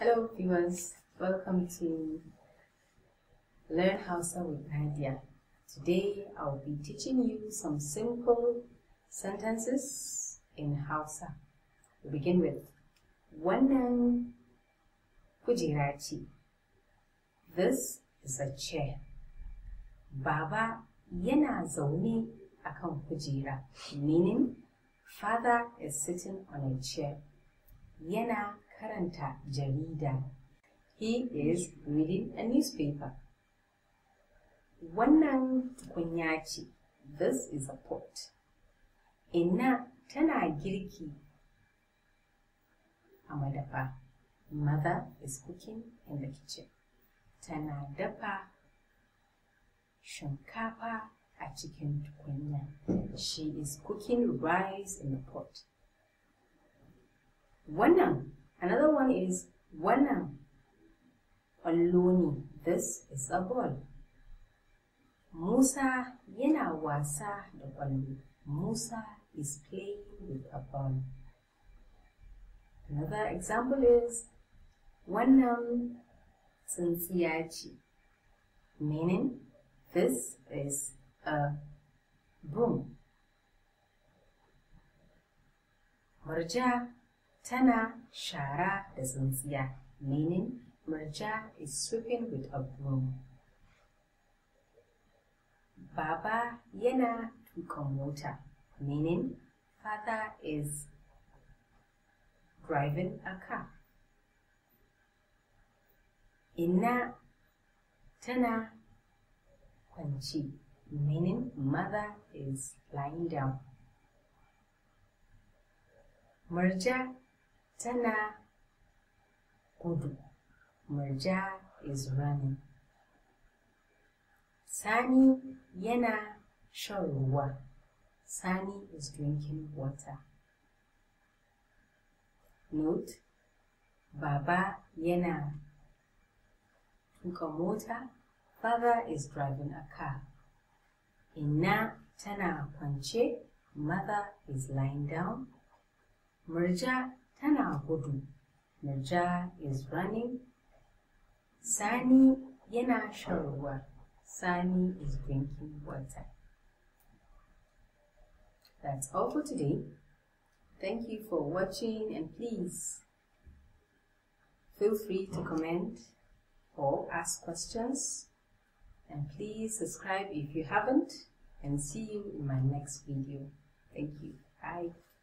Hello viewers, welcome to Learn Hausa with Nadia. Today I'll be teaching you some simple sentences in Hausa. We will begin with wannan kujera This is a chair. Baba yana zoni akan kujira. meaning father is sitting on a chair. Yena. karanta jarida. He is reading a newspaper. Wannan tukunya ce. This is a pot. Ina tana girki a madafa. Mother is cooking in the kitchen. Tana dafa shinkafa a cikin tukunya. She is cooking rice in the pot. Wannan Another one is wana, ƙwallo this is a ball. Musa yena wasa the ball. Musa is playing with a ball. Another example is wana tsintsiya meaning this is a broom. Murja tana shara da tsintsiya meaning Murja is sweeping with a broom. Baba yana tuka mota meaning father is driving a car. Inna tana kwanci meaning mother is lying down. Murja tana gudu. Murja is running. Sani yana shan ruwa. Sani is drinking water. Note, Baba yana tuka mota, Father is driving a car. Inna tana kwance, Mother is lying down. Murja tana gudu. Naja is running. Sani yana shan ruwa. Sani is drinking water. That's all for today. Thank you for watching and please feel free to comment or ask questions. And please subscribe if you haven't and see you in my next video. Thank you. Bye.